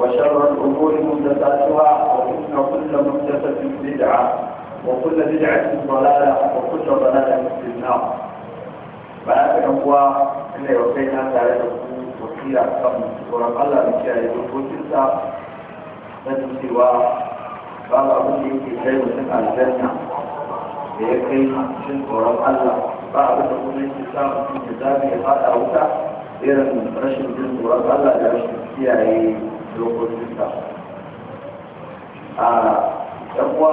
وشر الأمور محدثاتها وإن كل محدثة بدعة وكل بدعة ضلالة وكل ضلالة في النار بعد أقوى إلا يوكينا تعالى وكيل قبل ورق الله من شاء يقول تلك نجم سوى قال أبو شيء شيء من الجنة ليكي شن ورق الله بعد أقول لك تلك في جزابي هذا أوتا إيرا من رشد ورق الله لرشد سيائي dokokinsa a ɗanwa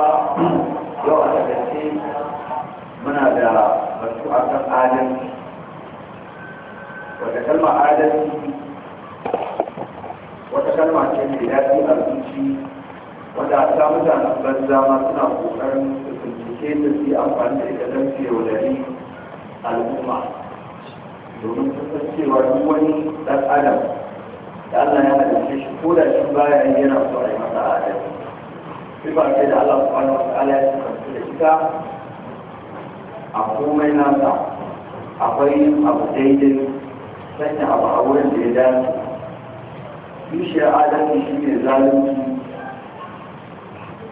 yau a takaice muna da masu akan adalci wata kalma adalci wata kalma ce mai daɗi a zuci wanda ta mutanen ban zama suna ƙoƙarin su bincike da su amfani da ita don fiye al'umma domin sun san cewa duk wani ɗan adam da Allah ya halitta shi ko da shi baya yi yana so a yi masa adalci sifa ce da Allah subhanahu wa ta'ala ya sukantu da ita a komai nasa akwai abu daidai sanya abu a wurin da ya dace kishiyar adalci shi ne zalunci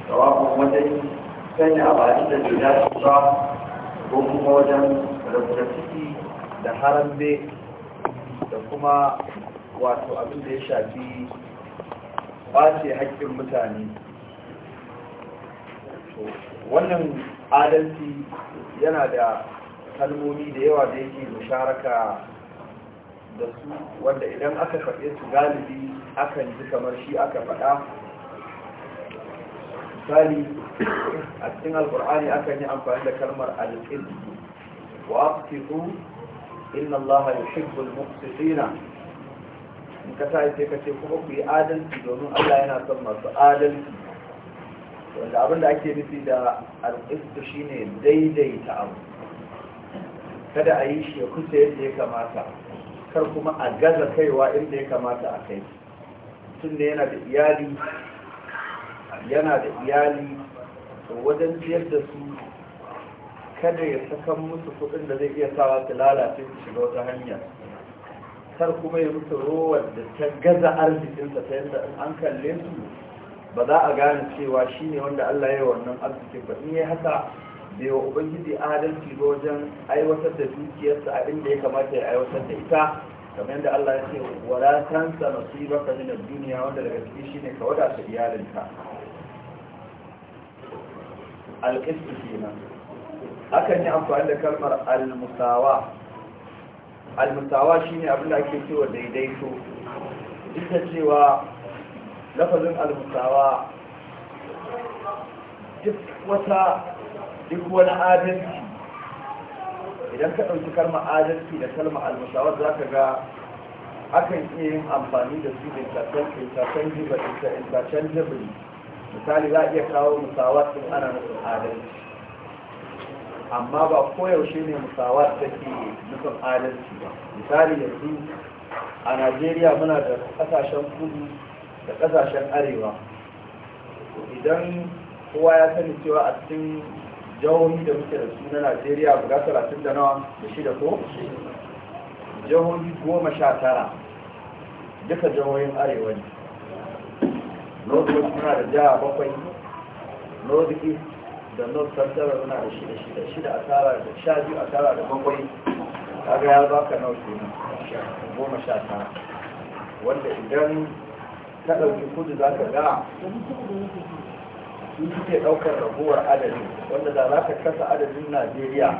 tsawakon wajen sanya abu a inda bai dace ba ko kuma wajen rubuta ciki da harambe da kuma wato abin da ya shafi ɓace haƙƙin mutane wannan adalci yana da kalmomi da yawa da yake musharaka da su wanda idan aka faɗe su galibi akan ji kamar shi aka faɗa misali a cikin alkur'ani akan yi amfani da kalmar alƙil wa aqtiqu inna allaha yuhibbul muqsitina ka sa ce ka ce kuma ku yi adalci domin Allah yana son masu adalci wanda abin da ake nufi da shi shine daidaita abu kada a yi shi ya kusa yadda ya kamata kar kuma a gaza kaiwa inda ya kamata a kai tun da yana da iyali yana da iyali wajen ciyar da su kada ya sakan musu kuɗin da zai iya sawa su lalace su shiga wata hanyar kar kuma ya mutu rowar da ta gaza arzikinsa ta yadda an kalle su ba za a gane cewa shi ne wanda Allah ya yi wannan arzikin ba in ya haka bai wa ubangiji adalci ba wajen aiwatar da dukiyarsa a inda ya kamata ya aiwatar da ita kamar yadda Allah ya ce wala tansa nasibaka min ad-dunya wanda daga ciki shine ka wadata iyalinka al-qist kenan akan yi amfani da kalmar al-musawa almusawa shine abin da ake cewa daidaito duk da cewa lafazin almusawa duk wata duk wani adalci idan ka ɗauki kalmar adalci da kalmar almusawa za ka ga akan iya yin amfani da su interchangeable misali za a iya kawo musawa sun ana nufin adalci amma ba koyaushe ne musawar ke nufin adalci ba misali yanzu a najeriya muna da kasashen kudu da kasashen arewa idan kowa ya sani cewa a cikin jihohi da muke da su na najeriya guda talatin da nawa da shida ko jihohi goma sha tara duka jihohin arewa ne north west muna da jiha bakwai north east da not tantara muna da shida shida shida a tara da sha biyu a tara da bakwai ga ya baka nawa kenan goma sha ta. wanda idan ta ɗauki kudu za ka ga sun suke ɗaukar raguwar adadin wanda da za ka kasa adadin najeriya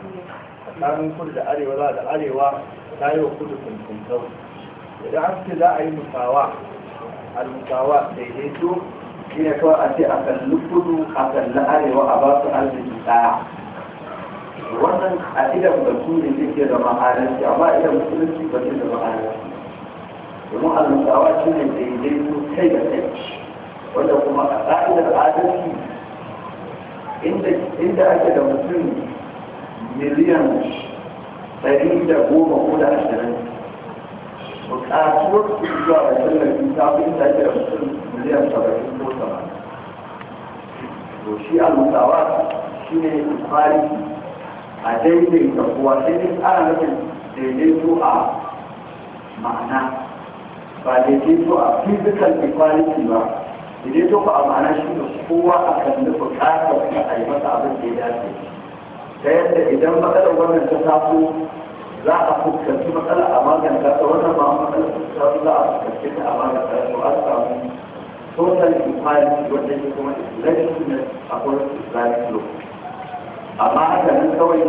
tsarin kudu da arewa za da arewa ta yi wa kudu kuntuntau idan an ce za a yi musawa al-musawa daidaito shi ne kawai a ce a kalli kudu a kalli arewa a ba su arziki ɗaya wannan a idan batu ne ke zama halarci amma idan musulunci ba ke zama halarci domin almusawa shi ne daidaito kai da kai wanda kuma a ƙa'idar adalci inda ake da mutum miliyan ɗari da goma ko da ashirin bukatuwar su zuwa da tallafi ta fi da ke mutum miliyan saba'in ko saba'in to shi almutawa shi ne tsari a daidaita kuwa sai dai ana nufin daidaito a ma'ana ba daidaito a physical equality ba daidaito ba a ma'ana shi ne kowa a kan nufi bukatar a yi masa abin da ya dace ta yadda idan matsalar wannan ta taso za a fuskanci matsala a maganta ta wannan ba matsala ta za a fuskanci ta a maganta ta an samu total equality wanda ya kuma islamishness a wurin islamic law amma haka nan kawai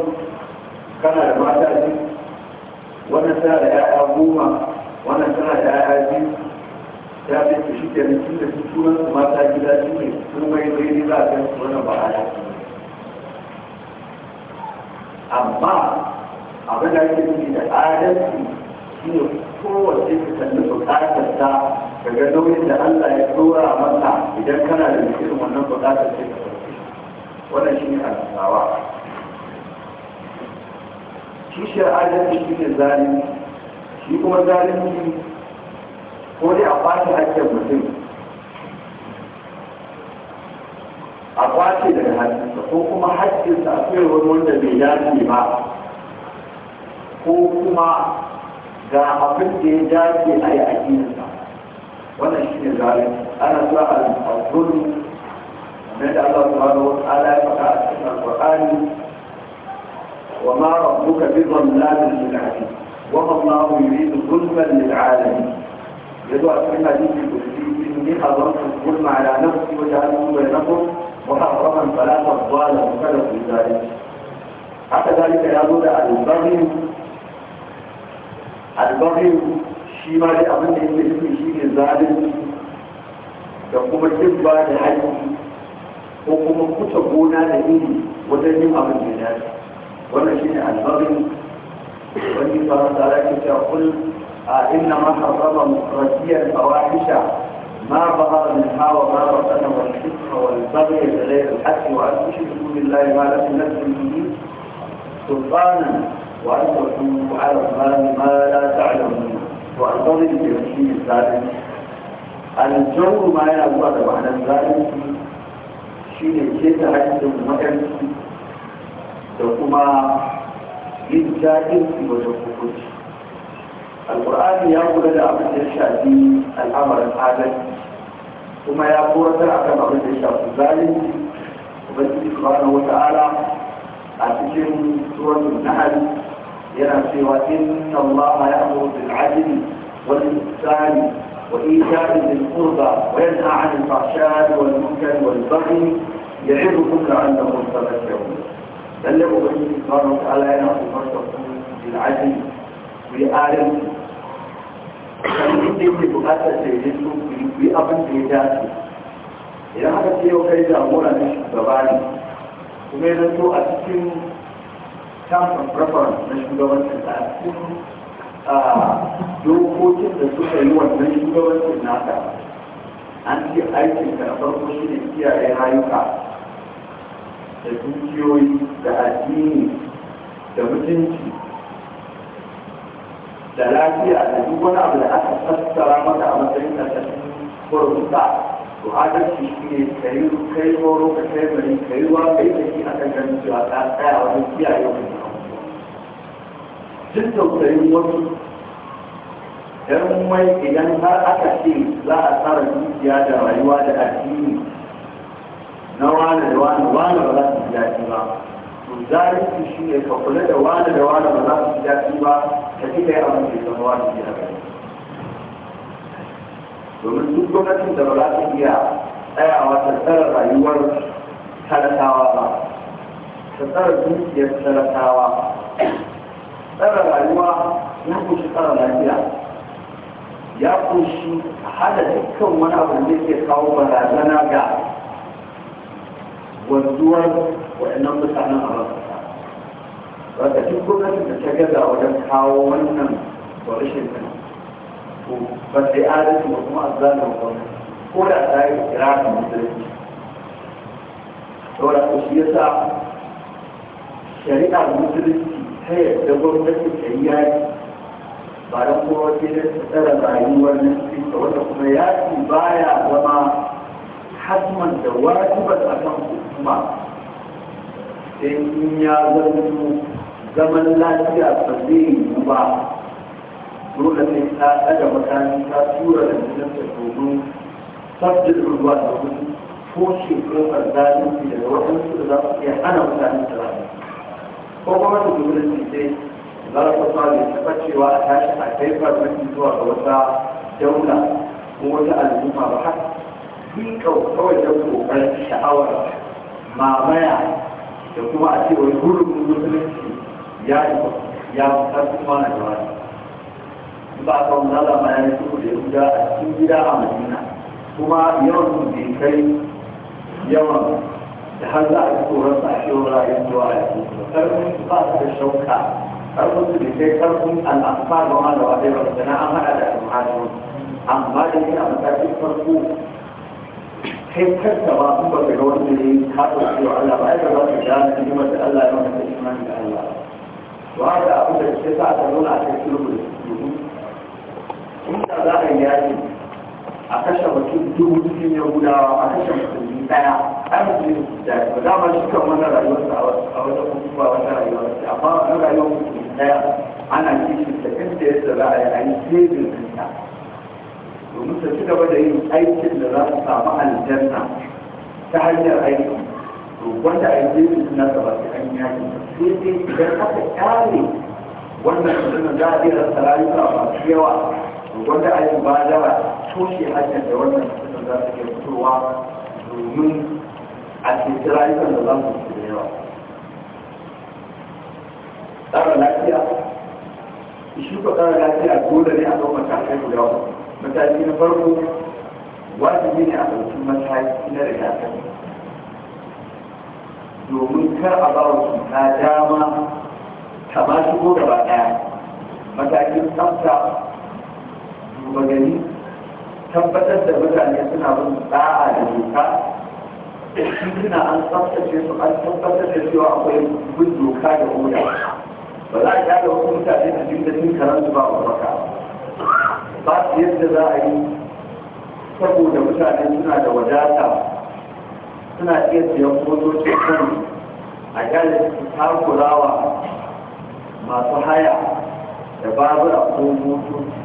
kana da mata biyu wannan tana da 'ya'ya goma wannan tana da 'ya'ya biyu ya fi ku shi kenan tun da turan su mata gida shi ne sun mai daidai za a kai su wannan ba a amma abin da ake nufi da adalci shi ne kowace ka kalli buƙatar ta daga nauyin da Allah ya tsora masa idan kana da irin wannan buƙatar sai ka sauke wannan shi ne alfawa kishiyar adalci shi ne zalimi shi kuma zalimi ko dai a kwace hakkin mutum a kwace daga hakkinsa ko kuma hakkinsa a kai wani wanda bai dace ba ko kuma ga abin da ya dace a yi aƙidarsa wannan shi ne zalunci ana zuwa al-zulmi من الله سبحانه وتعالى فقع في القرآن وما ربك بظلام للعبيد وما الله يريد ظلما للعالمين يدعو في الحديث القدسي إني حرمت الظلم على نفسي وجعلته بينكم محرما فلا تظالموا فلا تظالموا حتى ذلك يدور البغي albarin shi ma da abin da yake nufi shi ne zalunci da kuma kin ba da haƙƙi ko kuma kuta gona da iri wajen yin abin da ya dace wannan shi ne albarin wani fara tsara ke cewa kul a inna ma harrama rasiyar fawahisha ما ظهر منها وما بطن والكفر والبغي بغير الحق وان تشركوا بالله ما لم ينزل به سلطانا وأن تكونوا على الله ما لا تعلمون وأنتظر برشيد الثالث الجور ما ينبغى معنى الثالث شيء كيف حدث مدرس لكما yin jahilci wajen hukunci alƙur'ani ya kula da abin da shafi al'amarin adalci kuma ya koratar a kan abin da shafi zalunci ubangiji subhanahu wa ta'ala a cikin suratul nahl ينفي وإن الله يأمر بالعدل والإحسان وإيتاء ذي القربى وينهى عن الفحشاء والمنكر والبغي يعظكم لعلكم تذكرون بلغوا به سبحانه وتعالى ينهى فرصكم بالعدل بآلم فالمدة بقاس سيدكم بأبن سيداتي samun preference na shugabancin da a cikin dokokin da suka yi wannan shugabancin naka an ce aikin ka na farko shi ne kiyaye rayuka da dukiyoyi da addini da mutunci da lafiya da duk wani abu da aka tattara maka a matsayin ka ta to adalci shi ne ka yi kai horo ka kai bari ka yi wa kai da shi a kan ganin cewa ta tsaya wajen kiyaye wani duk tausayin wasu dan wai idan har aka ce za a tsara dukiya da rayuwa da addini na wane da wane wane ba za su ji daɗi ba to zalunci shi ne ka kula da wane da wane ba za su ji daɗi ba ka ji kai abin da ya zama wani ji daɗi domin duk gwamnatin da ba za ta iya tsayawa ta tsara rayuwar talatawa ba ta tsara dukiyar talatawa tsara rayuwa ya kunshi tsara lafiya ya kunshi hada dukkan wani abu da ke kawo barazana ga wanzuwar waɗannan mutanen a ba ta duk gwamnatin da ta gaza wajen kawo wannan rashin to ba sai adalci ba kuma azzalin ba ko da ta yi kirarin musulunci saboda ko shi yasa shari'ar musulunci ta yadda gwamnati ta yi yaki ba don kuma wace da ta tsara rayuwar nan cikin wanda kuma yaki baya zama hasman da wajibar a kan hukuma sai in ya zama zaman lafiya ba zai yi ba dole sai ta daga makami ta tura da jinan ta domin sabbin ruwa da wani toshe kofar zalunci daga waɗansu da za su iya hana mutane da rayuwa ko kuma da gwamnati sai za su fara taɓa cewa a tashi a kai farmaki zuwa ga wata daula ko wata al'umma ba har yi kawai da kokarin sha'awar mamaya da kuma a ce wai gurin musulunci ya yi ya fi kuma na da wani ba ta wani alama ya yi su da yahuda a cikin gida a madina kuma yawan bai kai yawan da har za a yi tsoron sa a yau rayuwar zuwa ya su karfin ba su da shauka karfin su da kai karfin al'amfa ga wani da wadai ba da na an haɗa da al'amfani amma da yana matakin farko kai kanka ba kun ba ga wanda ne ka ɗauki wa Allah ba ya ba ka gane ni'imar da Allah ya maka da imani da Allah wa haka abu da ke sa ta nuna a cikin sulhu inda za a yi yaƙi a kashe mutum dubu cikin yahudawa a kashe mutum ɗaya a yi mutum da ba za ma shi kan wannan rayuwarsa a wata kuma wata rayuwarsa amma wannan rayuwar mutum ɗaya ana kishin da inda yadda za a yi a yi saving ɗinta domin ta ci gaba da yin aikin da za su samu aljanna ta hanyar aiki to wanda a yi saving suna gaba su an yaƙi sai dai idan aka ƙare wannan sunan za a iya rasa rayuwa masu yawa wanda a yi mubadara toshe hanyar da wannan kusan za su ke fitowa domin a cikin rayukan da za su fi da yawa tsara lafiya shi ko tsara lafiya dole ne a kan matakai guda mataki na farko wajibi ne a ɗauki mataki na rigakafi domin kar a ba wa cuta dama ta shi shigo gaba ɗaya matakin tsafta kuma gani, tabbatar da mutane suna bin da'a da doka suna an tsaftace su an tabbatar da cewa akwai bin doka da oda ba za a da wasu mutane a cikin da cin karansu ba a baka ba su yadda za a yi saboda mutane suna da wadata suna iya siyan motoci kan a gane su takurawa masu haya da babura ko motoci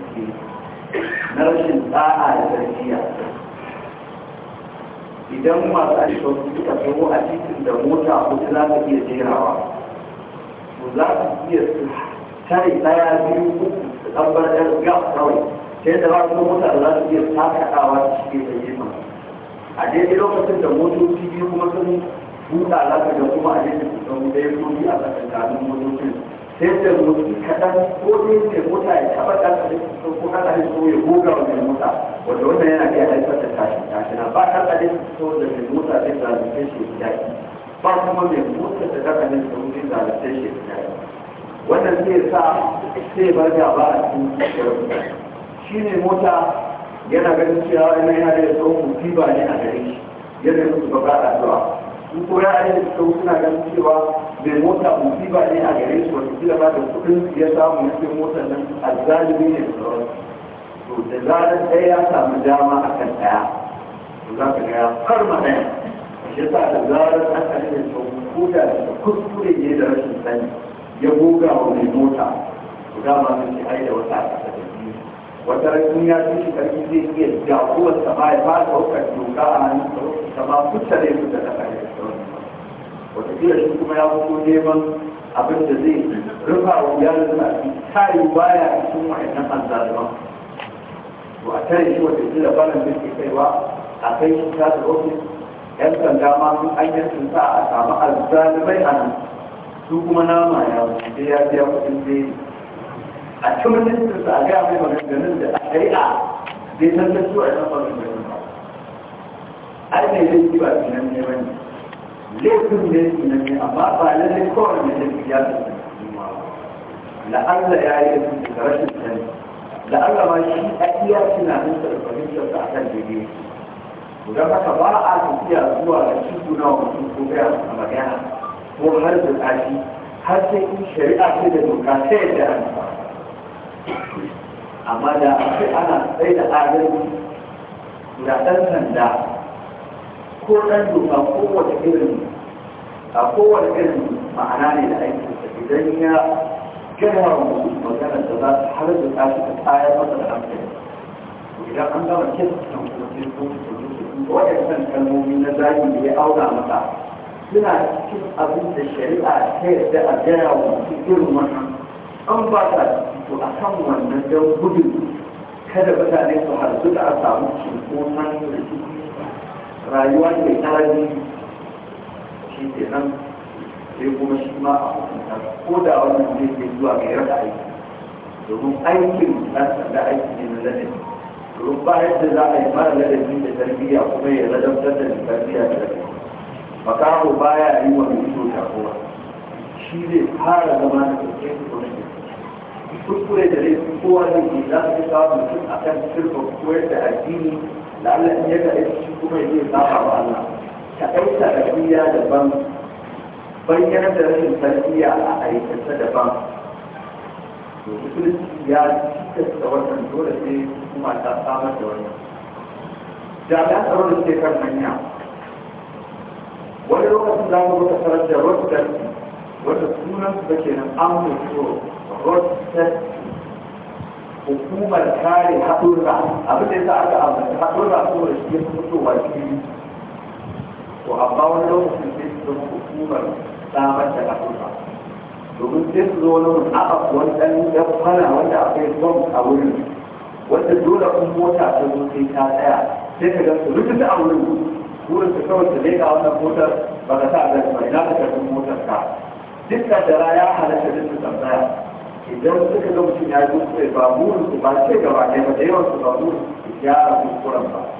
na rashin tsa'a da tarbiyya idan masu ashirin suka taho a cikin da mota hudu za ka iya jerawa to za ka iya tare daya biyu uku su tabbar ɗan gab kawai sai da wasu mota da za su iya takaɗawa da shi da jima a daidai lokacin da motoci biyu kuma sun buɗa za ka ga kuma a daidai su ɗan ya biyu a tsakanin motocin sai da motsi kaɗan ko dai mai mota ya taɓa ɗan a jikin ko ko ɗan a jikin ya goga wa mai mota wanda wannan yana iya haifar da tashin na ba ɗan a jikin so da mai mota zai zalunce shi ya ba kuma mai mota da ɗan a jikin zai zalunce shi ya wannan zai sa sai bar gaba a cikin zuciyar mutane shi ne mota yana ganin cewa yana yana da tsohon musiba ne a gare shi yana yin su ba ba a zuwa su ko ra'ayin da suna ganin cewa mai mota musiba ne a gare su wata kila ba da kudin su ya samu ya ce motar nan a azzalimi ne da sauran to da zarar ɗaya ya samu dama a kan ɗaya to za ka gaya ya farma ɗaya Ya sa da zarar an ka ne to ko da kuskure ne da rashin sani ya goga wa mai mota to dama sun ce ai da wata a wata rashin ya fi shi karfi zai iya jagorar ta ba ya ba da hukar doka a hannun ta ta ba su da yadda ta kare wata kila shi kuma ya fito neman abin da zai rufa wa yaran suna fi tayi baya cikin wa'annan azzaliman to a tare shi wata kila bana da ke kaiwa a kai shi ta da ofis yan sanda ma sun anyan sun sa a samu azzalimai a nan su kuma nama ya wuce ya biya kuɗin zai a cikin ministan a gaya maganganun da a shari'a zai san da su a san kwallon da ba ai ne zai ci ba tunan ne wani laifin ne tunan ne amma ba lallai kowane mai laifi ya san la'alla ya yi da rashin sani la'alla ma shi a iya tunanin da fahimtar da akan daidai don haka ba a tafiya zuwa da cikin na mutum ko gaya masa magana ko har da tsashi har sai in shari'a ce da doka sai da an amma da ake ana sai da adalci ga ɗan sanda ko ɗan doka ko wata irin a kowane irin ma'ana ne da aiki idan ya gama wa mutum magana da za su har da tashi ta tsayar masa da hankali idan an gama kesa kan kuma ko su waɗannan kalmomi na zagi da ya aura mata suna cikin abin da shari'a ta yarda a gaya wa mutum irin wannan an ba ta to a kan wannan don gudun kada mutane su harsu da a samu da su rayuwa mai tsanani shi ke nan sai kuma shi ma a hukunta ko da wannan zai ke zuwa ga yarda aiki domin aikin ɗan sanda aiki ne na ladabi domin ba yadda za a yi mara ladabi da tarbiyya kuma ya ladabtar da tarbiyya da ladabi makaho baya yi wa mai so jagora shi zai fara zama da kyakkyawar kuskure da laifin kowa zai yi za su kawo mutum a kan shirka koyar da addini da Allah in yaga da shi kuma ya zai zaɓa wa Allah ta aika tarbiyya daban bayyana da rashin tarbiyya a aikata daban to musulunci ya cika da wannan dole sai kuma ta samar da wannan Jami'a tsaro da suke kan hanya wani lokacin za mu ga kasarar da wasu wata sunan su da ke nan an mutuwa ردت hukumar kare haɗurra abin da ya sa aka ambata haɗurra ko da shi ya fi fitowa fili to amma wani lokacin sai su zama hukumar samar da haɗurra domin sai su zo wani aka wani ɗan ɗan fara wanda akwai bom a wurin wanda dole kun mota ta zo sai ta tsaya sai ka ga su rubuta a wurin wurin su kawai su leƙa wannan motar ba ka sa a gani ba ina ka karɓi motar ka duk da ya halatta duk da tambaya idan suka ga mutum ya kuskure ba burin su ba ce gaba ɗaya ba da yawan su ba burin su ya a kuskuren ba da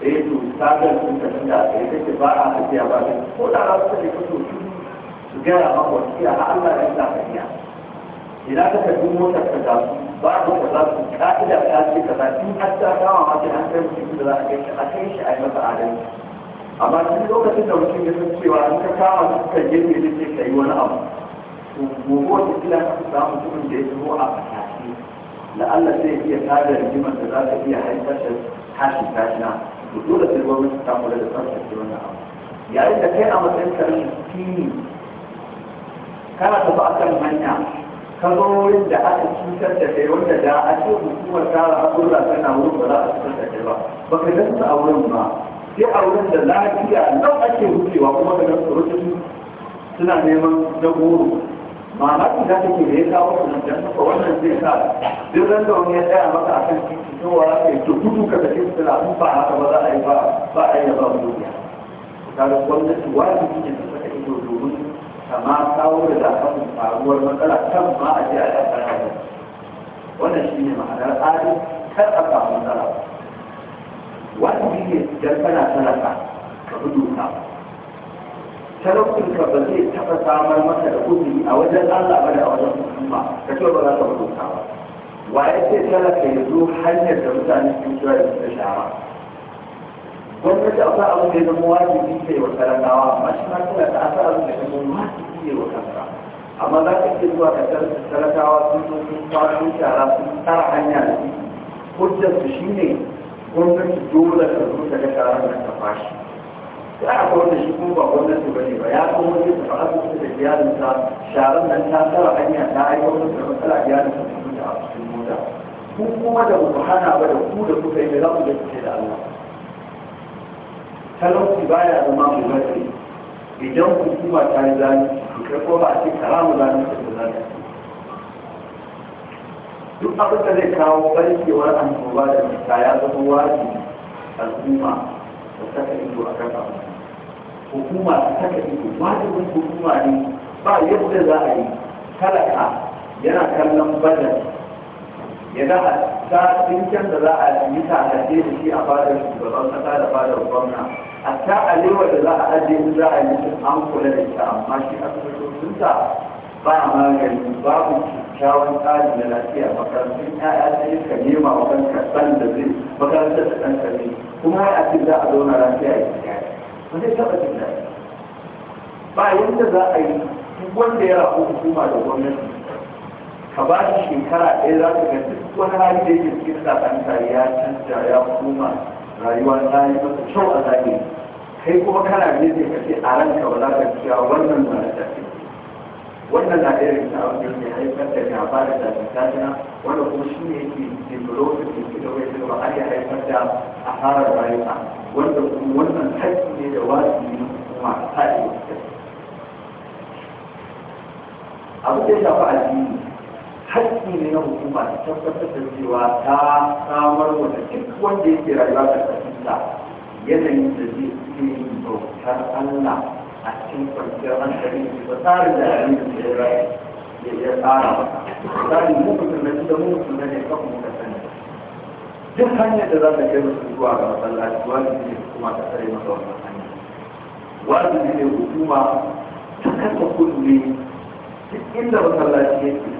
eh, ya to sagar sun ka tunda a tsaye take ba a tafiya ba ne ko da za su ne so su su gaya ma wasiya har Allah ya sa hanya idan ka tafi mota ka za su ba ka ka za su ka'ida ta ce ka za su har ta kama ma sai an kai mutum da za a kai shi a kai shi a yi masa adalci amma duk lokacin da mutum ya san cewa in ka kama su kan gefe ne sai ka yi wani abu gobe wata kila ka samu mutumin da ya zo a fataki Allah zai iya tada rigimar da za ta iya haifar da tashi tashina to dole sai gwamnati ta kula da tsarkake wannan abu yayin da kai a matsayin karshen fini kana tafi a kan hanya ka zo wurin da aka cutar da kai wanda da a ce hukumar tara hakurra tana wurin ba za a cutar da kai ba ba ka ganta a wurin ba sai a wurin da lafiya nan ake wucewa kuma ka ganta rukun suna neman na goro mamakin da kake da ya kawo su nan dan maka wannan zai sa duk ran da wani ya tsaya maka akan titi to wa ka yi gudu ka tafi su da ba haka ba za a yi ba ba a yi ba mu duniya da gwamnati wajibi ne ta saka ido domin kama kawo da zafin faruwar matsala kan ma a je a tsara asara wannan shi ne ma'anar tsarin kar a samu matsala wajibi ne idan kana talaka ka fi doka talaucin ka ba zai taɓa samar masa da kudi a wajen Allah ba da a wajen hukuma ka ce ba za ka rubuta ba wa ya ce talaka ya zo hanyar da mutane sun kira da suka shara gwamnati a sa abin da ya zama wajibi sai wa talakawa amma shi ma talaka da sa abin da ya zama wajibi ne wa kanka amma za ka ce zuwa ka talakawa sun zo sun kwashin shara sun tara hanya da su hujjar su shine gwamnati dole ka zo ta ga sharar da ta fashi za a kawar shi kuma ba gwamnati ba ne ba ya san wani da ba su da iyalinsa sharan nan ta tsara hanya ta aiwatar da matsala iyalinsa su mutu a cikin mota ku kuma da ku hana ba da ku da kuka yi da za ku da kuke da Allah talauci baya zama mu gaske idan hukuma ta yi zani kai ko ba a ce karamu zani da zani duk abin da zai kawo barkewar annoba da ya zama wajibi al'umma saka ido a kan abu hukuma ta saka ido wajibin hukuma ne ba yadda za a yi talaka yana kallon badar ya ga ta dinkin da za a yi takace da shi a fadar shugaban kasa da fadar gwamna hatta alewa da za a ajiye in za a yi an kula da ita amma shi ta ba magani babu kyakkyawan tsari na lafiya makarantun 'ya'ya sai ka nema wa kanka san da zai makarantar da kanka ne kuma ya a za a zauna lafiya ya ba zai taɓa jin daɗi ba yadda za a yi duk wanda ya rafu hukuma da gwamnati ka ba shi shekara ɗaya za ka ga duk wani hali da yake cikin sakanta ya canza ya koma rayuwar ta yi masa kyau a zahiri kai kuma kana ne sai ka ce a ranka ba za ka ciya wannan ba na tafi wannan na ɗaya daga sha'awar da ke haifar da gaba da tashin wanda kuma shi ne yake jimbiro da ke ke da wai har ya haifar da asarar rayuwa wanda kuma wannan haifi ne da wajibi kuma ta yi abu da ya shafi addini haƙƙi ne na hukuma ta tabbatar da cewa ta samar wa da duk wanda yake rayuwa da ƙarfinsa yanayin da zai iya bautar Allah a cikin kwanciyar hankali da tsarin da ya yi da ya tsara ba. tsarin mu musulmai da mu musulmai ne kafin muka sani duk hanyar da za ta kai musu zuwa ga masallaci wajibi ne kuma ta tsare masa wannan hanyar. wajibi ne hukuma ta kasa kulle duk inda masallaci yake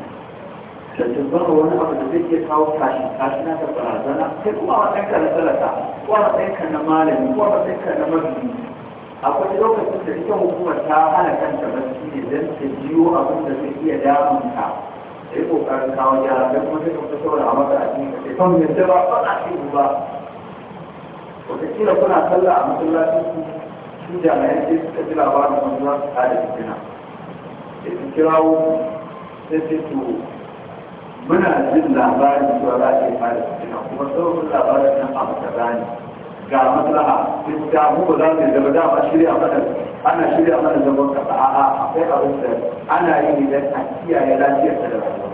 da tabbar wani abu da zai iya kawo kashi kashi na da barazana sai kuma a matsayin ka na talaka ko a matsayin na malami ko a matsayin na mabiyi akwai lokacin da ita hukumar ta hana kanta barci ne don ta biyo abin da ta iya damun ka da yi kokarin kawo gyara don kuma ta kuma saboda a masa a cikin kashe kan yadda ba a a ce ba wataƙila kuna kalla a masallacin ku su jami'ai sai suka ji labarin wani za su tada fitina da su kirawo sai ce to muna jin labarin cewa za a ce tada fitina kuma sauran labarin nan a ta ne ga maslaha da mu ba za mu zama dama shirya mana ana shirya mana zaman a a'a akwai abin da ana yi idan a kiyaye lafiyar ta da rayuwa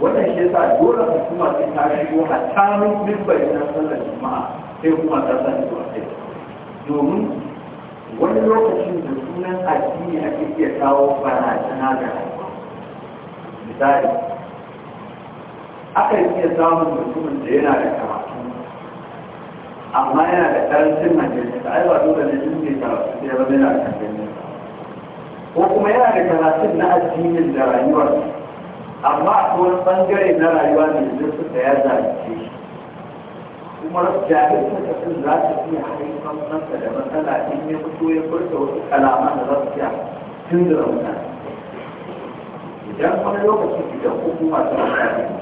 wannan shi yasa dole hukuma sai ta shigo a tsamin mimbar na sallar juma'a sai kuma ta san sai domin wani lokacin da sunan addini ake iya kawo barazana ga rayuwa misali akan iya samun mutumin da yana da kama amma yana da karancin majalisa ai ba dole ne in da karatu sai ba yana da ko kuma yana da karatun na addinin da rayuwar amma a wani bangare na rayuwa ne da suka ya zalunce shi kuma jahilta da sun za ta iya haifar masa da matsala in ya fito ya furta wasu kalaman da za su iya tun da idan wani lokaci idan hukuma ta mutane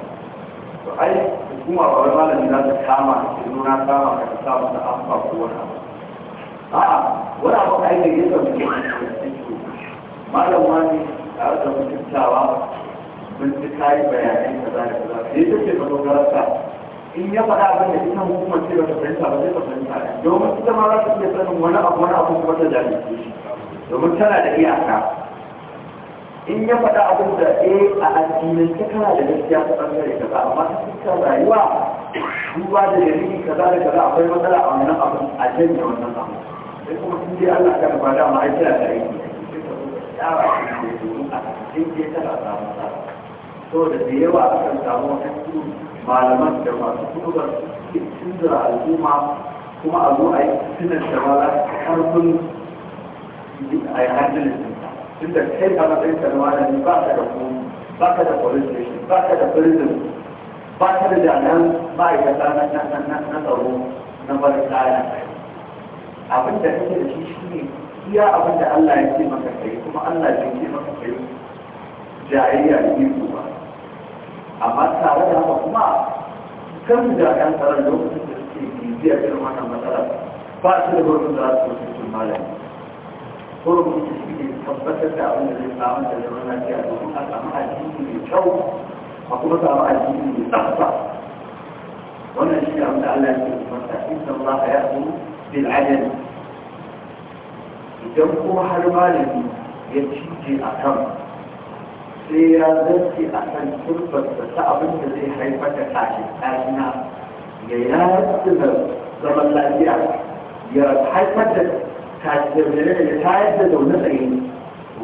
to ai hukuma ba wai malami za ta kama ka ce nuna kama ka sa masa amfa ko wani abu a'a wani abu ai yin yadda mutum malam wani a rasa mutuntawa mun ci kayi bayanai kaza da kaza sai ta ce madogararsa in ya faɗa abin da ita hukumar ce ba ta fahimta ba zai ta fahimta ne domin ita ma za ta iya sanin wani abu wani abu kuma ta jami'ai domin tana da iyaka in ya faɗa abin da eh a addinin ta kana da gaskiya ta ɓangare ba amma ta fuskar rayuwa duba da ka za da kaza akwai matsala a wannan abin a janye wannan abu sai kuma sun je Allah ka ba da ma'aikata da aiki tsara su ne domin a cikin ta tana samu tsara to da da yawa akan samu wasu malaman da masu kuɗuɗar sun zira al'umma kuma a zo a yi sunan da ba za su karfin a yi hajjilin tunda da kai a matsayin da ni ba ka da kuma ba ka da police station ba ka da prison ba ka da jami'an ma'aikata na na tsaro na barin kaya abin da kake da shi shi ne iya abin da Allah ya ce maka kai kuma Allah ya ce maka kai jayayya ne ba amma tare da haka kuma kan jami'an tsaron lokacin da suke bibiyar irin wannan matsalar ba su da gurbin da za su malami طرق التسجيل tabbatar da abin da zai samu da zaman lafiya domin a samu addini mai kyau a kuma samu addini mai tsafta wannan shi abin da Allah ke umarta inna Allah ya ku bil adal idan kuma har malami ya cije a kan sai ya zarce a kan turbarsa ta abin da zai haifar da tashi tashina ya yadda zaman lafiya ya haifar da ta jirgin ta yadda zaune tsaye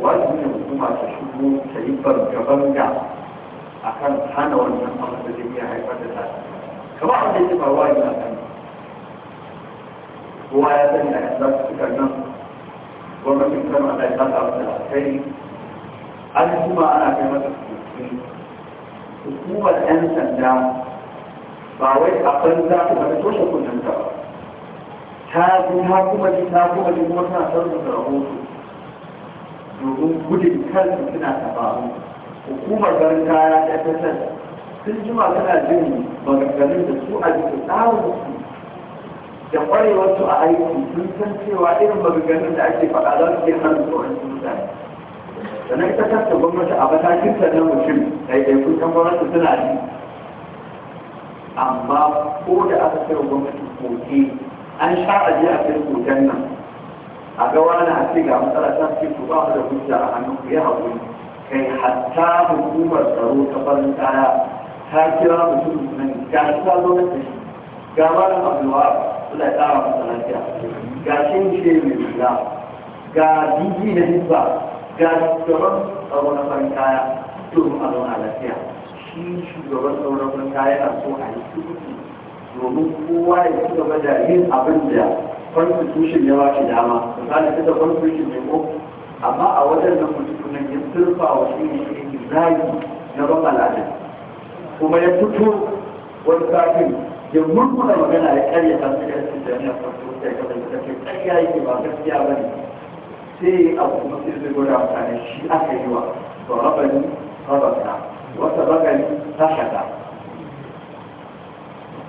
wajibi ne hukuma ta shigo ta yi banga a kan hana wannan abin da zai iya haifar da ta. kama a da yake faruwa yana kan kowa ya sani a yanzu su suka nan gwamnatin kama da ta samu da kai an kuma ana kai masa kuskure hukumar 'yan sanda ba wai a banza ta wani toshe kundin ta ba ta kuma kuma ji ta kuma ji kuma suna sarrafa da rahoto domin gudun kansu suna tafaru hukumar garin kaya ta tattar sun jima suna jin maganganun da su a jikin tsarin su da kwarewar su a aiki sun san cewa irin maganganun da ake faɗa za su iya hannu tsoron su mutane sannan ita kasta gwamnati a matakin ta na mutum ɗaiɗaikun kan gwamnati suna ji amma ko da aka kai gwamnati koke an sha a je a kai hoton nan a ga wani a ga matsala ta ce ku ba da hujja a hannu ku yi haƙuri kai hatta hukumar tsaro ta farin kaya ta kira mutum nan ga shi ta zo da shi ga malam abduwa suna tsara masa lafiya ga shi ne mai gida ga diji na hizba ga shugaban tsaro na farin kaya domin a zauna lafiya shi shugaban tsaro na farin kaya na so a yi domin kowa ya ci gaba da yin abin da constitution ya ba shi dama misali da constitution ne ko amma a wajen waɗannan mutumin ya turfa wa shi ne shi zagi na ban al'adar kuma ya fito wani kafin ya murmura magana ya karya ta su da su jami'a farko da ya kasance ta ce karya yake ba gaskiya ba ne sai abu kuma sai zai gwada mutane shi aka yi wa ba rabani rabata wata bagani ta shaka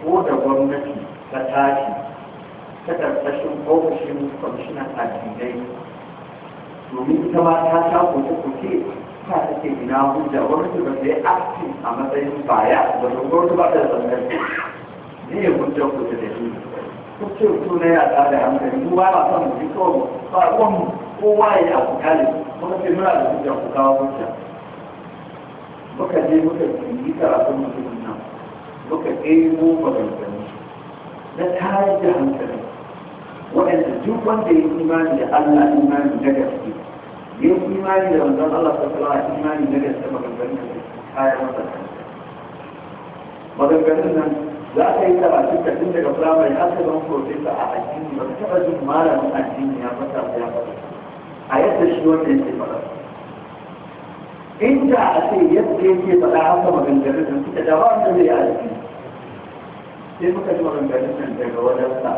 ko da gwamnati ta tashi ta karkashin ofishin kwamishinan addinai domin ita ma ta sha kuke-kuke ta take gina hujja gwamnati ba ta yi aktin a matsayin baya da gwamnati ba ta zangar ne ya hujja kuke da shi kuke su na yada da hankali mu ba ta mu ji kawai ba ruwan kowa ya yi abu kale kuma sai muna da hujja ku kawo hujja muka je muka yi karatun mutumin nan suka ɗebo maganganu na tayar da hankali waɗanda duk wanda ya imani da Allah imani na gaske ya imani da wanzan Allah ta kala imani na gaske maganganun da tayar masa maganganun nan za ka yi karatu ka tun daga firamare har ka zama profesa a addini ba ka taɓa jin malamin addini ya fasa ya fasa a yadda shi wanda yake faɗa inda a ce yadda yake faɗa haka maganganun da suka da ba wanda zai yi sai muka ji maganganun nan daga wajensa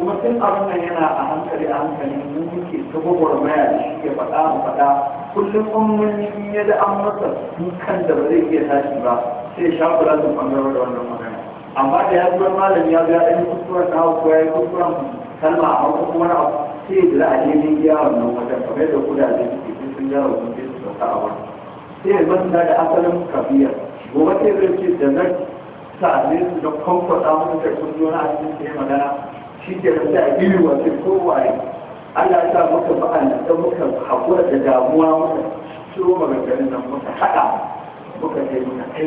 kuma tun abin nan yana a hankali a hankali mu muke ta gwagwarmaya da shi ke faɗa mu faɗa kullum in mun ya da an masa dukan da ba zai iya tashi ba sai shafa lasin ɓangaren da wannan magana amma da ya zuwa malam ya ga ɗan kuskuren ta ko ya yi kuskuren kalma a hausa kuma na sai da za a je ne gyara wannan wajen kamar yadda kudaje suke sun gyara wajen su sauka a wani sai ya manta da asalin kafiyar gobe sai zai ce da zai same su da kwamfata musu da kun zo na cikin su magana shi ke da sa gini wasu kowaye Allah ya sa muka ba'an da muka haƙura da damuwa muka ciro maganganun nan muka haɗa muka ce muka kai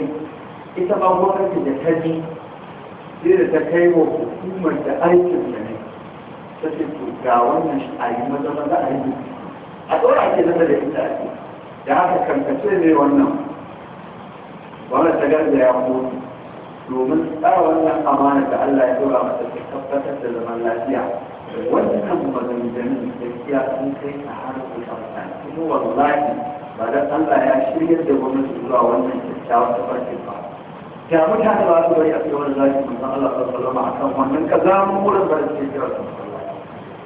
ita ma gwamnati da ta ji sai da ta kai wa hukumar da aikin da ne ta ce to ga wannan shi a yi maza maza a yi a ɗora ke zama da ita da haka kankace ne wannan wannan ta garda ya mutu domin tsara wannan amana da Allah ya dora masa ta tabbatar da zaman lafiya wannan maganganun gaskiya sun kai ta har su kamta kuma wallahi ba da Allah ya shirya da gwamnati zuwa wannan kyakkyawar tafarkin ba ya mutane ba su bari a cikin wani zafi mun san Allah sallallahu alaihi akan wannan ka za mu wurin ba da ke kira su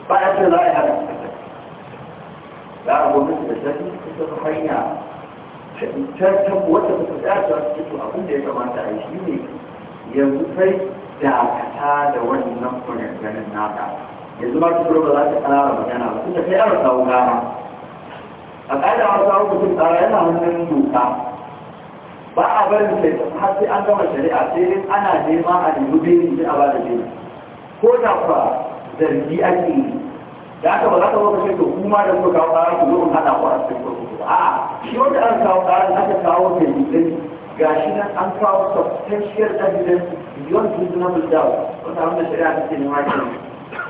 ba ya ce za a yi haka za a gwamnati da zafi ta hanya ta wata ta fi tsaya ta fito abin da ya kamata a yi shi ne yanzu sai dakata da wannan maganganun naka yanzu ma kuma ba za ta ƙara magana ba tunda kai ara kawo gara a ƙa'ida a kawo mutum tsara yana hannun doka ba a barin sai har sai an gama shari'a sai dai ana nema a nemi beni sai a ba da beni ko da kuwa zargi ake yi da aka ba za ka zama to kuma da kuka kawo ƙara ku zo in hada ku a cikin kurkuku a'a shi wanda an kawo ƙara aka kawo kai gashi nan an kawo substantial evidence beyond reasonable doubt wata wanda shari'a ta ce nema ma ke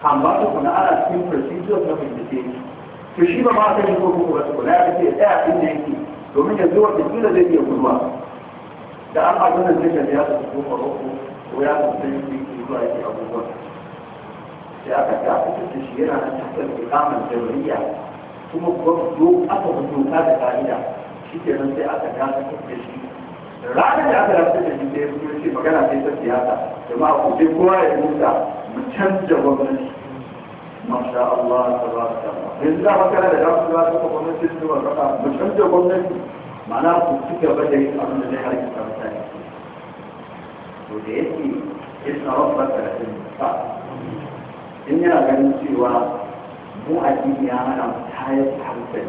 amma ta kuna ana cikin procedure na bincike to shi ba ma ta yi koko ba su kula ya ce tsaya abin da yake domin yanzu wata kila zai iya gudu da an ba gudun zai gaji ya su ko faroko ko ya su sai yi zuwa yake abubuwa sai aka ta aka da shi yana nan cikin ikamar jamhuriya kuma ko aka fito ka da ka'ida shi ke nan sai aka ta aka da shi ranar da aka rasu da shi da ya ce magana sai ta siyasa jama'a ku sai kowa ya musa mu canza gwamnati masha Allah ta ba ta yanzu za mu kana da za su za su gwamnati su ba kasa mu canza gwamnati ma'ana ku ci gaba da yin abin da zai harki ta mutane to da yake isna rabba ta rasu ba in yana ganin cewa mu addini ya hana mu tayar da hankali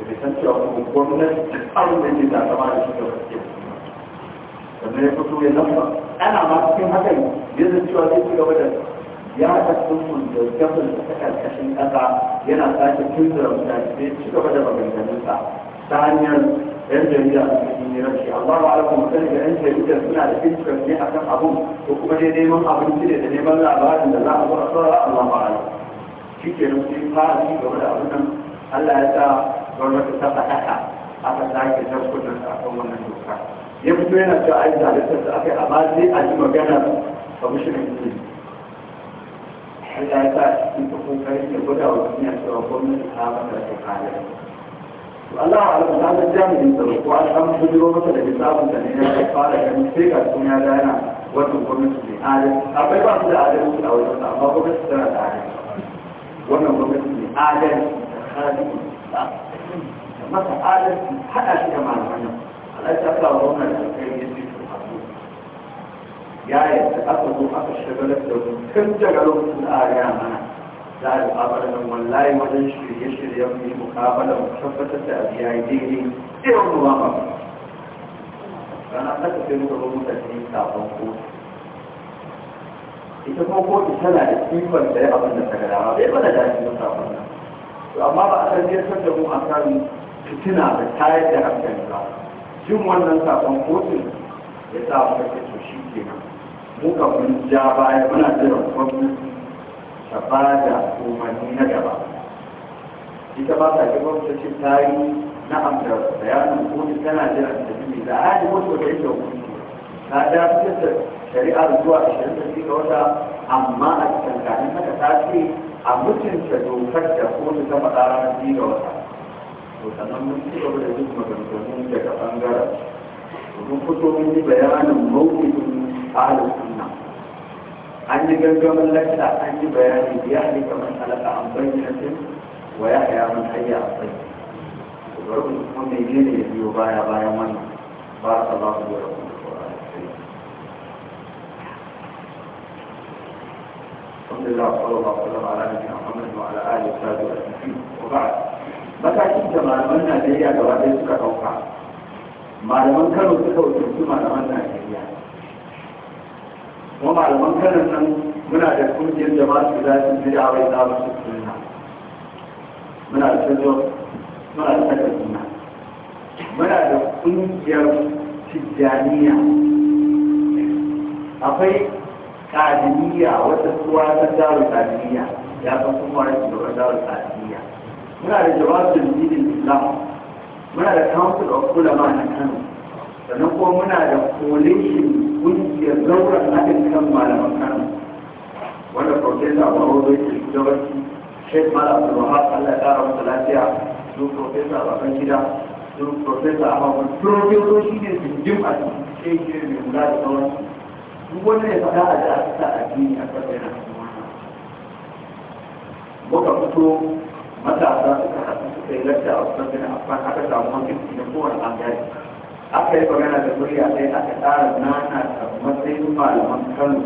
da bai san cewa gwamnati ta tsarin da ke da gaba da shi gaba sannan ya fito ya lafa ana ma cikin hakan ya zai cewa zai ci gaba da ya haɗa tsuntsun da gabin da ta karkashin ƙasa yana sake tunzura mutane da ci gaba da maganganunsa ta hanyar yan jarida a cikin neman shi amma ba alaƙa mutane da yan jarida suna da fiskar ne a kan abun ko kuma dai neman abinci ne da neman labarin da za a zo a Allah ba alaƙa shi ke nan sai fara ci gaba da abin nan Allah ya sa gwamnati ta faɗaɗa aka sake tabbatar a kan wannan doka ya fito yana cewa ai zalunta da aka yi amma sai a ji magana ba mu shirin ne Allah ya sa cikin kokarin ya gwada wa duniya cewa gwamnati ta mata da kare to Allah ya alƙa ta jami'in tsaro ko an san bujiro masa da hisabun da ne ya fara ganin sai ga sun ya dana wannan gwamnati ne adalci akwai ba su da adalci a wajen amma gwamnati tana da adalci wannan gwamnati ne adalci da kare masa adalci haɗa shi da malaman أتفع هنا كان يزيد في الحدود يعني أخذوا أخذ الشبلة كم تجعلوا مثل آيام لا يقابل من لا يوجد شيء يشري يبني مقابلة مخففة أبيعي ديني إيه النظام فأنا أخذت في مطلوب تسليم تعطون قوتي ita kuma kotu tana da ikon da ya abin da ta gada ba zai bada daji masa wannan amma ba a san jirgin da mu a kan fitina da tayar da hankali ba jin wannan sakon kotun ya sa mu kake shi ke nan mu ka ja baya muna jiran kwanu ta ba da umarni na gaba ita ba ta ta ce ta yi na amsa bayanin kotun tana jiran ta bi da wasu wajen da yake hukunci ta da fitar shari'ar zuwa 26 ga wata amma a cikin kanin haka ta ce a mutunta dokar da kotun ta faɗa ranar ga wata to sannan mun ci gaba da duk maganganun daga bangaren mun fito mun yi bayanin mawukin ahalin sunna an yi gangamin lakta an yi bayani ya ne kamar halaka an bayyana sin wa ya haya mun hayya a bai bari kuma mai ne ya biyo baya bayan wannan ba a ba su da rabu الحمد لله وصلى الله وسلم على نبينا محمد وعلى اله وصحبه اجمعين وبعد matakin da malaman najeriya gaba ɗaya suka ɗauka malaman kano suka wakilci malaman najeriya kuma malaman kano nan muna da kungiyar jama'a su zafi su da wai za su suna muna da sojo muna da saka suna muna da kungiyar tijjaniya akwai kadiniya wata suwa ta daru kadiniya ya san kuma da shugaban daru kadiniya muna da jawabin jinin islam muna da council of ulama na kano sannan kuma muna da coalition kungiyar zaura haɗin kan malaman kano wanda profesa baro zai ke shugabanci shek malam abdulwahab allah ya ƙara masa lafiya su profesa baban gida su profesa ahmad shi ne su jim a cikin shekiyar mai da sauransu duk wanda ya faɗa a da a addini a ƙasar yana muka fito matasa suka haɗu suka yi lafiya a wasu na afan aka samu wakilci na kowane ɓangare aka yi magana da murya sai aka tsara nana da matsayin malaman kano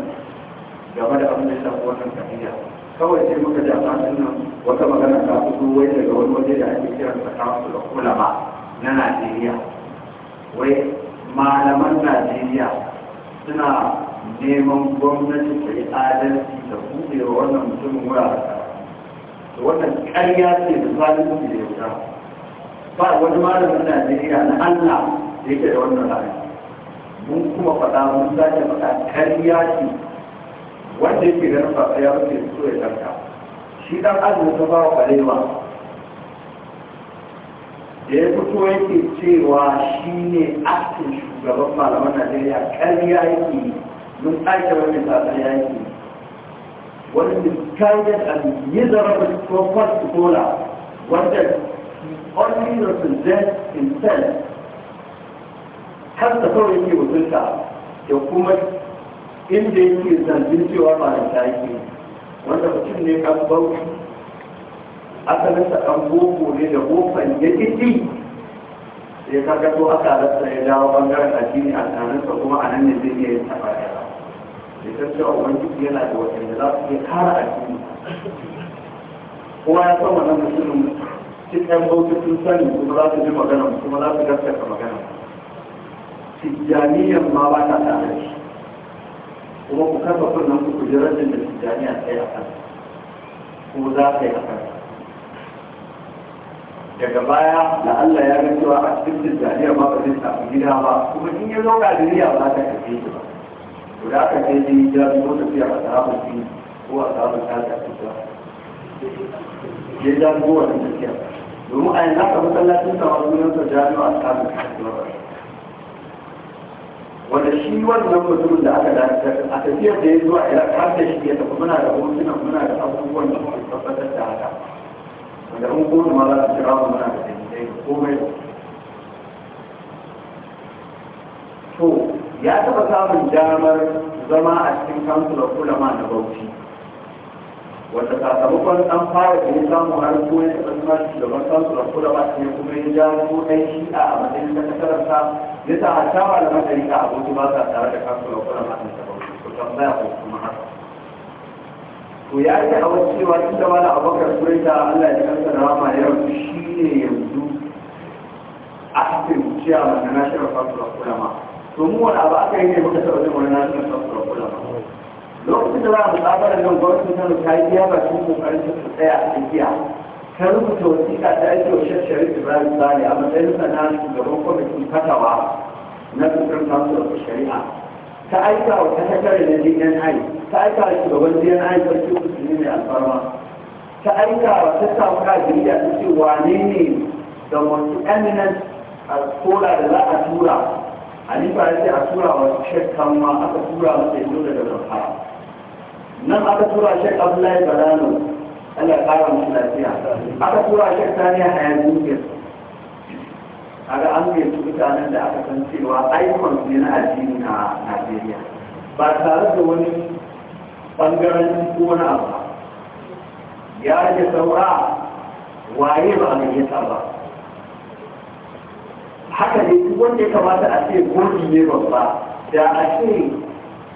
game da abin da ya shafi wannan tafiya kawai sai muka ji a nan wata magana ta fito wai daga wani waje da ake kiran da kawo da kulama na najeriya wai malaman najeriya suna neman gwamnati ta yi adalci da buɗewa wannan mutumin wuraren wannan ƙarya ce da zalunci da ya wuta. ba wani malamin najeriya na allah da yake da wannan ra'ayi mun kuma faɗa mun sake faɗa ƙarya ce wanda yake da rufa ya wuce so ya karka shi ɗan adam ta ba wa da ya fito yake cewa shi ne aktin shugaban malaman najeriya ƙarya yake mun sake wannan tsatsar yaki what kayan misguided and miserable purpose to Allah, what does he only represents himself, has authority within ka da kuma inda yake zargin cewa ba da ta yake wanda mutum ne kan bauchi asalin sa kan boko ne da bofan ya ƙi ya kaga so aka rasa ya dawo bangaren addini a tsarinsa kuma a nan ne zai iya yin tafiya da ta cewa ubangiji yana da wajen da za su iya kara addini Kuma ya san wannan mutumin cikin bauta sun sani kuma za su ji magana kuma za su gaskata magana tijjaniyan ma ba ta tare da shi kuma ku kafa kunnen ku kujerar da tijjaniya ta yi a kan kuma za ta yi a kan daga baya da Allah ya ga cewa a cikin tijjaniyar ma ba zai samu gida ba kuma in ya zo kadiriya ba za ta kafe shi ba Guda aka kai jini ya zo tafiya a sahabu fi ko a sahabu ta da kusa ya ja zo wannan tafiya domin a yanzu aka masallacin sa wani wurin sa jami'a a sahabu ta ba wanda shi wannan mutumin da aka dace a tafiyar da ya zuwa iraq har da shi ya tafi muna da hotunan muna da abubuwan da ke tabbatar da haka wanda in goma ma za su kira mu muna da dalilai komai to ya taɓa samun damar zama a cikin council of ulama na bauchi wanda sakamakon an fara da ya samu har ko ya taɓa zama shugaban council of ulama ne kuma ya ja ko ɗan shi'a a matsayin sakatararsa ya sa a tawa da madari a abokin ba sa tare da council of ulama ne ta bauchi ko tambaya ko kuma haka to ya yi a wasu cewa tun da wani abokan kureta allah ya kansa da rama ya rasu shi ne yanzu a cikin ciyawa na national council of ulama to wani abu aka yi ne muka taɓa jin wani nasu na lokacin da za mu tsabar nan gwamnatin kano ta yi iya bakin kokarin ta tsaya a tsakiya ta rubuta wasiƙa ta ake wa shashari ibrahim sani a matsayin sana shugaban kwamitin fatawa na supreme council of shari'a ta aika wa sakatare na dni ta aika wa shugaban dni sarki musulmi mai alfarma ta aika wa ta samu kajiri da ta ce wane ne da wasu eminent a kola da za a tura halifa ya ce a tura wa shekkan ma aka tura masa yanzu daga zafa nan aka tura shek abdullahi balano ala ya kara musu lafiya aka tura shek saniya hayanin a kaga an gaisu mutanen da aka san cewa aikon ne na addini na najeriya ba tare da wani bangaren ko wani abu ya rage saura waye ba a gayyata ba haka ne duk wanda ya kamata a ce goji ne babba da a ce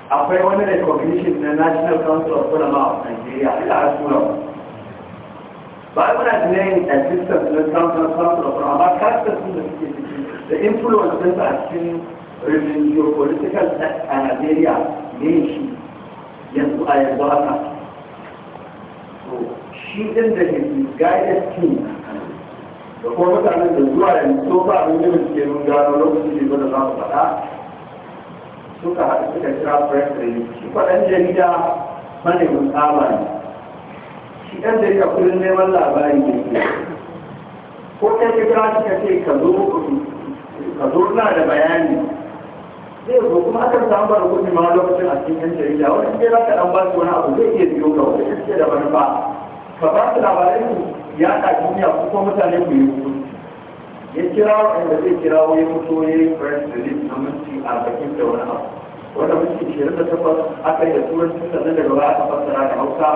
akwai wani recognition na national council of ulama of nigeria ila a tura ba muna denying existence na council council of ulama ba kasar sun da suke ciki da influence din a cikin religious political a nigeria ne shi yanzu a yanzu haka shi din da his guided team da kuma mutanen da zuwa yanzu so ba abin da suke mun gano lokaci da da za mu faɗa suka haɗu suka kira president shi kwaɗan jarida manemin tsama ne shi ɗan jarida kullum neman labari ne ko kai kira shi ka ce ka zo ka zo na da bayani zai zo kuma akan samu ba rukuni ma lokacin a cikin yan jarida wani sai za ka ɗan ba su wani abu zai iya biyo ka wani gaskiya da wani ba ka ba su labarai ya ta duniya kuma mutane ku yi mutu ya kira wanda zai kira ya mutu ya yi press release na minti bakin da wani abu wanda minti ishirin da takwas aka yi da turanci da daga baya aka fassara da hausa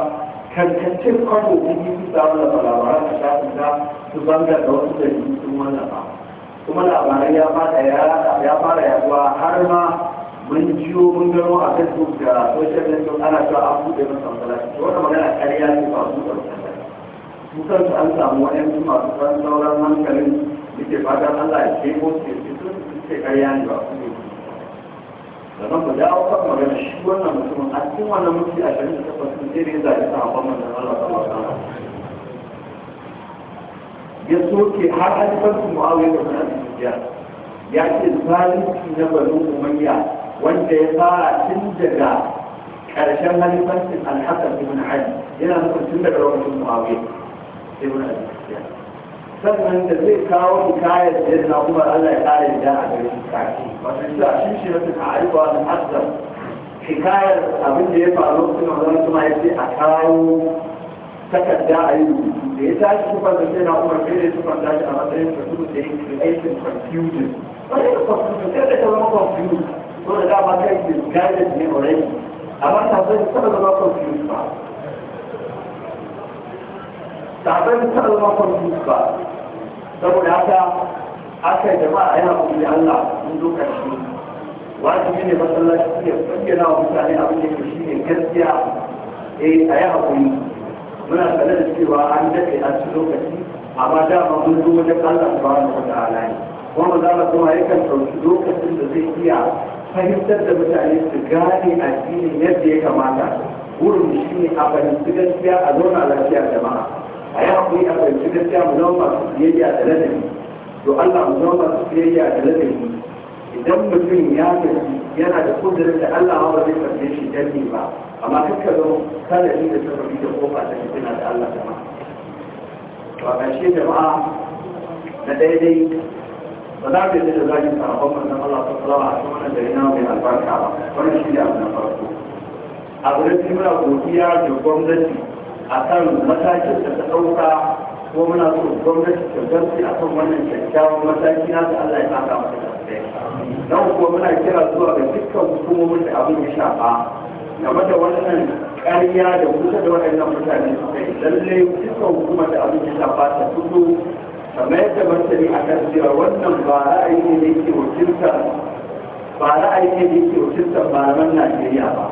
kankancin kwano din yi samu da labaran a shafin ta su banga da wasu da yi sun wannan ba kuma labarai ya fara ya fara yaduwa har ma mun jiyo mun gano a facebook da social network ana cewa an buɗe masa masalaci wannan magana ƙarya ce ba su da kusan su an samu waɗansu masu san sauran hankalin da ke fatan Allah ya ce ko ce su ce karya ne ba su ne sannan ku dawo kan magana shi wannan mutumin a cikin wannan mutum a shirin da takwas sun sai da ya zaɓi sahabban da Allah ta alaihi ya soke har hadisan su mu'awiyar da suna jiya ya ce zalunci na banu umayya wanda ya fara tun daga ƙarshen halifancin alhassan ibn ali yana nufin tun daga lokacin mu'awiyar sannan da zai kawo kayan da yadda kuma Allah ya kare da a gare shi kaki shi a shi shi wata ta'arifa da abin da ya faru suna wani kuma ya ce a kawo takarda a yi rubutu da ya tashi kuma da sai na umar kai da kuma tashi a matsayin da su da yake aikin confusion wani da confusion sai da ta zama confusion wanda dama kai da ne already amma ta zai zama confusion sabon taɓa makon ba saboda haka aka jama'a yana kuma Allah sun zo ƙarshe wajibi ne masallaci ya bayyana wa mutane abin da ke shi ne gaskiya eh a yi hakuri muna sanar da cewa an daɗe a ci lokaci amma dama mun zo wajen Allah subhanahu wa ala ne kuma za mu kuma yakan sauki lokacin da zai iya fahimtar da mutane su gane addinin yadda ya kamata wurin shi ne a fahimci gaskiya a zauna lafiya jama'a a yi haƙuri a fahimci gaskiya mu zama masu biyayya da ladabi to Allah mu zama masu biyayya da ladabi idan mutum ya gaji yana da kudurin da Allah ma ba zai karbe shi danni ba amma kakka zo kada ni da sababi da kofa ta fitina da Allah ta ma to a ƙarshe jama'a na daidai ba za ka yi da zagin sahabban manzon Allah ta salawa a cikin wannan gari na mai albarka ba wannan shi ne abu na farko abu na biyu muna godiya da gwamnati a kan matakin da ta ɗauka ko muna so gwamnati ta gaske a kan wannan kyakkyawan mataki na da Allah ya saka mata da nan kuma muna kira zuwa ga dukkan hukumomin da abin ya shafa game da wannan ƙarya da kusa da waɗannan mutane suka yi lallai dukkan hukumar da abin ya shafa ta fito mayar da martani a kan cewa wannan ba ra'ayi ne da yake wakilta ba ra'ayi ne da yake wakilta malaman Najeriya ba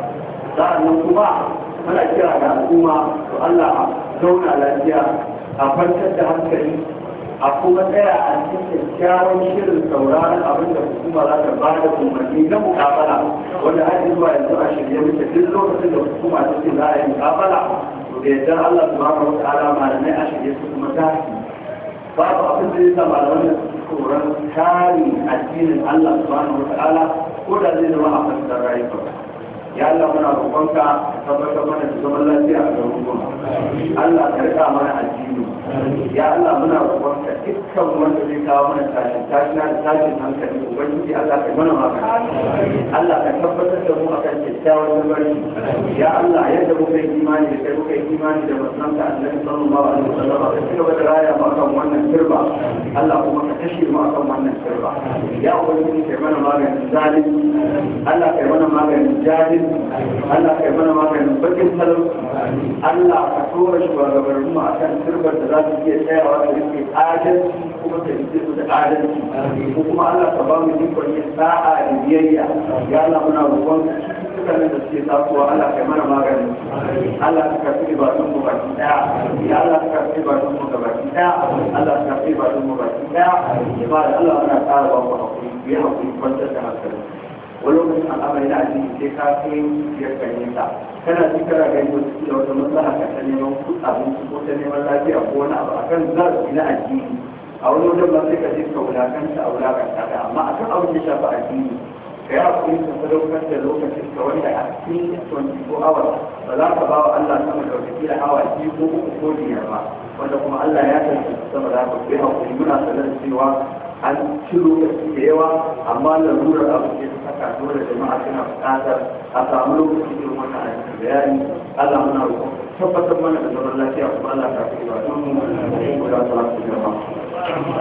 sa'annan kuma muna kira ga al'umma to Allah a zauna lafiya a kwantar da hankali a kuma tsaya a cikin kyawun shirin sauraron abin da hukuma za ta ba da umarni na mukabala wanda har zuwa yanzu a shirye muke duk lokacin da hukuma ta ce za a yi mukabala to da yardar Allah subhanahu wa ta'ala malamai a shirye su kuma tashi babu abin da ya sa malaman tsoron kare addinin Allah su subhanahu wa ta'ala ko da zai zama a fasar rayuwa ya Allah muna roƙonka ka tabbatar mana da zaman lafiya a garin Allah ka rika mana addini ya Allah muna roƙonka dukkan wanda zai kawo mana tashin tashin tashin hankali ubangiji Allah ka mana maka Allah ka tabbatar da mu akan kyakkyawar lamari ya Allah yadda muka yi imani da kai muka yi imani da musulunta annabi sallallahu alaihi wasallam ka ci gaba da raya mu akan wannan turba Allah kuma ka kashe mu akan wannan turba ya ubangiji kai mana maganin zalim Allah kai mana maganin jahil Allah kai mana maganin bakin talauci Allah ka tura shugabanninmu akan turbar da za su iya tsayawa da rike adalci kuma ta rike su da adalci ko kuma Allah ka ba mu ikon yin sa'a da biyayya ya Allah muna roƙon mutanen da suke tasowa Allah kai mana magani Allah ka karfi ba sun mu baki daya ya Allah ka karfi ba sun mu baki daya Allah ka karfi ba sun mu baki daya ya Allah muna tsara ba mu hakuri ya hakuri kwantar da hankali wani lokacin al'amari na addini sai ka kai ya kare ta kana ji kana gani wasu kila wata matsala ka ta neman abinci ko ta neman lafiya ko wani abu akan zarafi na addini a wani wajen ba sai ka je ka wulakanta a wulakanta ka amma akan abin da shafi addini ka a hakuri ka sadaukar da lokacin ka wanda a cikin ko awa ba za ka ba wa Allah sama da wata kila hawa biyu ko uku ko biyar ba wanda kuma Allah ya san sama da haka ku yi hakuri muna sanar cewa an ciro lokaci da yawa amma lalurar abu ce ta saka dole jama'a suna bukatar a samu lokaci da wannan a cikin bayani Allah muna roƙon tabbatar mana da zaman lafiya kuma Allah ta fi ba don mu da ya ta jama'a